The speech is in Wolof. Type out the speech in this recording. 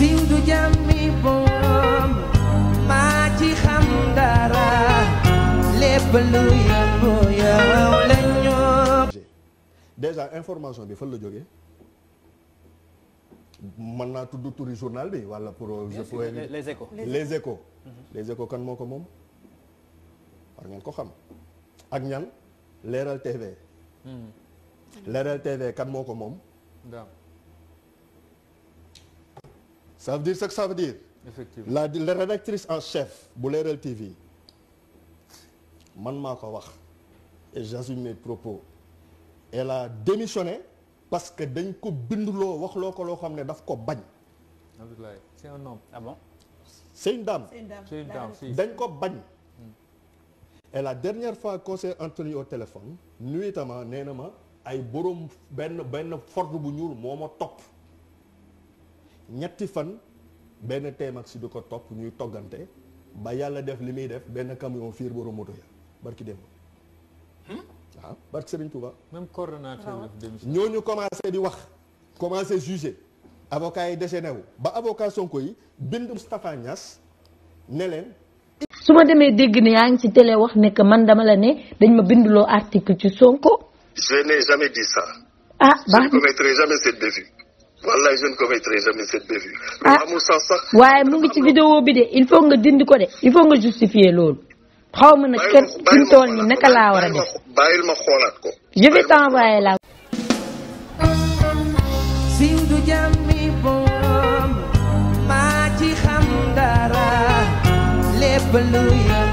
siiw du jàmmi boom maa ci xam dara lépp lu yëngu yow la ñoo déjà information bi fan la jóge mën naa tudd turi journal bi wala pour je pourrais mhm. les échos kan moo moom war ñan leeral tv hmm. leeral tv kan moo ko moom Ça veut dire ce que ça veut dire. Effectivement. La, la rédactrice en chef de Leral TV man maa wax et j'assume mes propos elle a démissionné parce que dañ ko binduloo wax loo ko ne daf ko c'est un homme ah bon. c'est une dame. c'est une dame dañ ko bañ. Hmm. et la dernière fois qu'on s'est entretenu au téléphone nuitamment nénama, na ma ay borom ben ben forge bu moi moo top. ñetti fan benn Tmax si du ko topp ñuy toggante ba yàlla def li muy def benn camion fiir borom moto ya barki dem hmm? waaw barki Serigne Touba. même coordonnateur ñooñu commencé di wax commencé juger avocat yi déchaîné wu ba avocat Sonko yi bind Moustapha Niass su ma demee dégg ni yaa ngi ci télé wax ne que man dama la ne dañ ma binduloo article ci Sonko. je jamais dit ça. ah baax wallahi je ne commettrai jamais cette bévue. ah amul sens sax. waaye mu ngi ci vidéo bi de il faut nga dindi ko de il faut nga justifier loolu. Xawma na nag kenn fi mu toll nii naka laa war a def. bàyyil ma xoolaat ko. je vais t'envoyer bom ma ci xam dara lépp lu